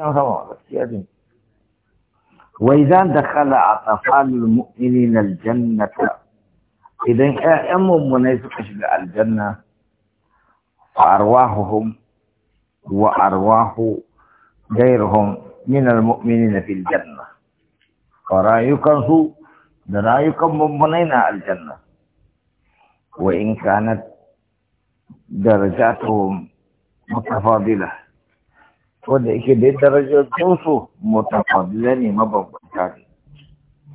كان هو gaskiya وإذا دخل أطفال المؤمنين الجنة إذا أم منيس قشب الجنة وارواحهم وأرواح غيرهم من المؤمنين في الجنة ورايكم درايكم مؤمنين الجنة وإن كانت درجاتهم متفاضلة wanda yake da darajocinsu mutafadila ne mabambanta ne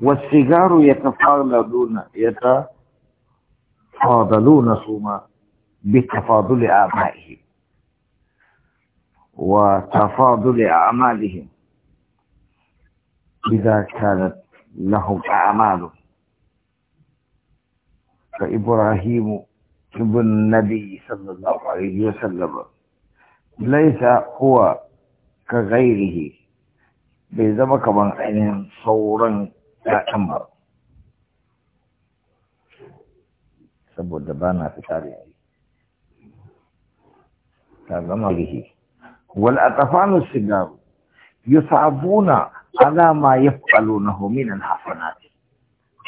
wasigaru ya tafadaluna ya tafadaluna su ma bi tafaduli a ba'ihi wa tafaduli a amalihim إذا كانت لهم أعمال فإبراهيم ابن النبي صلى الله عليه وسلم ليس هو كغيره بذبك من عين صورا لا أمر سبب دبانا في تاريخ تعظم به والأطفال السجار يصعبون على ما يفعلونه من الحسنات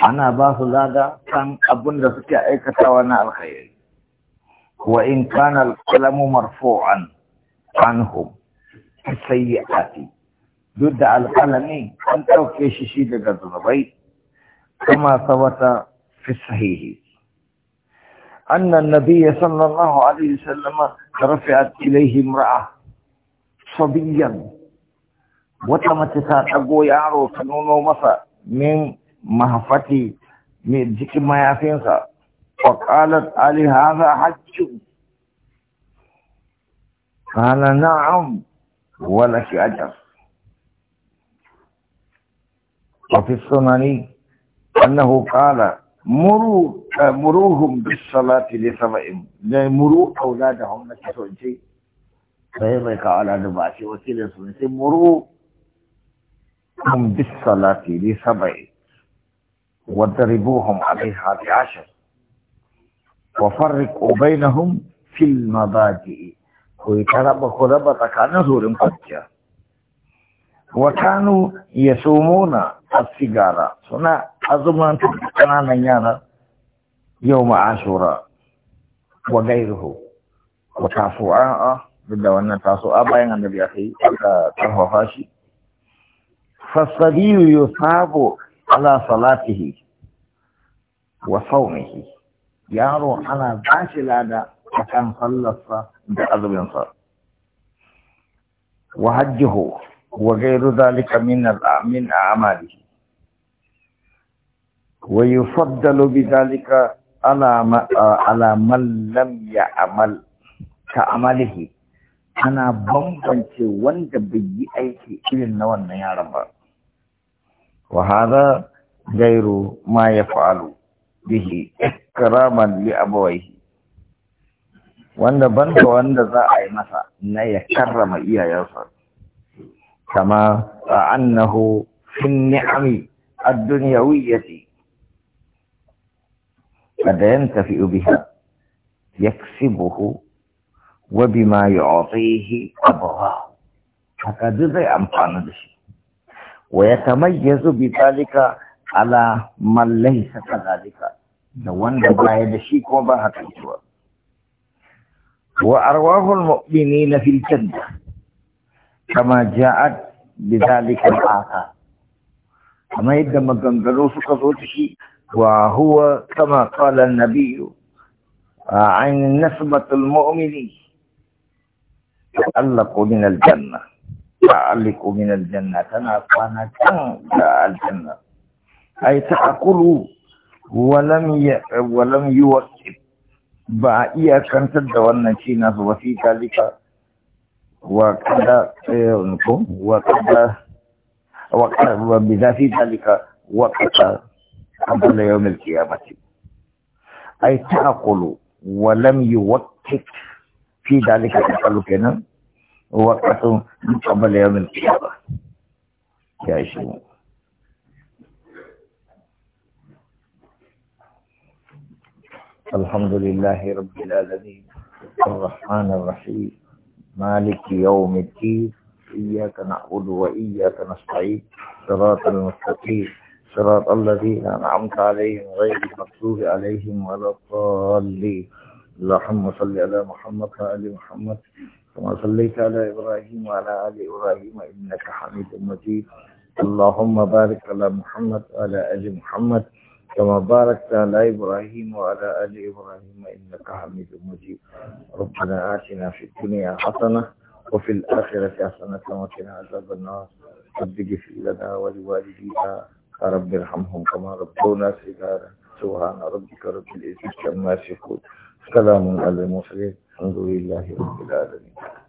أنا باس هذا كان أبن دفك أيك توانا الخير وإن كان القلم مرفوعا عنهم السيئات ضد القلم أن شيء لقد الذنوبين كما ثبت في الصحيح أن النبي صلى الله عليه وسلم رفعت إليه امرأة صبيا وتمت تقو يارو تنونو مسا من مهفتي من ذيك ما يفينسا وقالت علي هذا حج قال نعم ولا أجر وفي السنن أنه قال مروا مروهم بالصلاة لسبع مروا أولادهم لكسونتي فيضيق على دباشي وكيل سنتي مروهم بالصلاة لسبع وضربوهم عليها بعشر وفرقوا بينهم في المضاجئ akwai ta raba ku raba tsakanin surin kwanciya wa ya ya mona a sigara suna azumanta ƙananan yara yau ma'ashura wa gairuhu wa tasu'a duk da wannan a bayan annabi ya kai aka tarfafa shi ya sabo ala salatihi wa saunihi yaro ana bashi lada صلى خلص بأرض ينصر وحجه وغير ذلك من من أعماله ويفضل بذلك على ما على من لم يعمل كعمله أنا بمن تون تبي أي شيء إلى النوان نيارب وهذا غير ما يفعل به إكراما لأبويه wanda banda wanda za a yi masa na ya karrama iyayensa kama a annahu fi ni'ami ad-dunyawiyyati qad fi biha yaksibuhu wa bima yu'tihi abawahu haka duk zai amfana da shi wa ya yatamayyazu bi talika ala man laysa kadhalika da wanda baya da shi kuma ba haka cewa وأرواح المؤمنين في الجنة كما جاءت بذلك الآثار كما يبدأ مجنزلو سقطوته وهو كما قال النبي عن نسبة المؤمنين تعلق من الجنة تعلق من الجنة تنعطانا الجنة أي تأكل ولم ي... ولم يوكب ba a iya kantar da wannan ci nasu ba fi kalika wa kada eh, ko wa kada wa kada bi za fi kalika wa kada qabla yawm al-qiyamati ta ta'qulu wa lam yuwakkik fi dalika ta'qulu kenan wa qatu qabla yawm al ya shi الحمد لله رب العالمين الرحمن الرحيم مالك يوم الدين إياك نعبد وإياك نستعين صراط المستقيم صراط الذين أنعمت عليهم غير المغضوب عليهم ولا الضالين اللهم صل على محمد وآل محمد كما صليت على إبراهيم وعلى آل إبراهيم إنك حميد مجيد اللهم بارك على محمد وعلى آل محمد كما باركت على إبراهيم وعلى آل إبراهيم إنك حميد مجيد ربنا آتنا في الدنيا حسنة وفي الآخرة حسنة وقنا عذاب النار رب اغفر لنا ولوالدينا رب ارحمهم كما ربونا صغارا سبحان ربك رب العزة عما يصفون سلام على المرسلين الحمد لله رب العالمين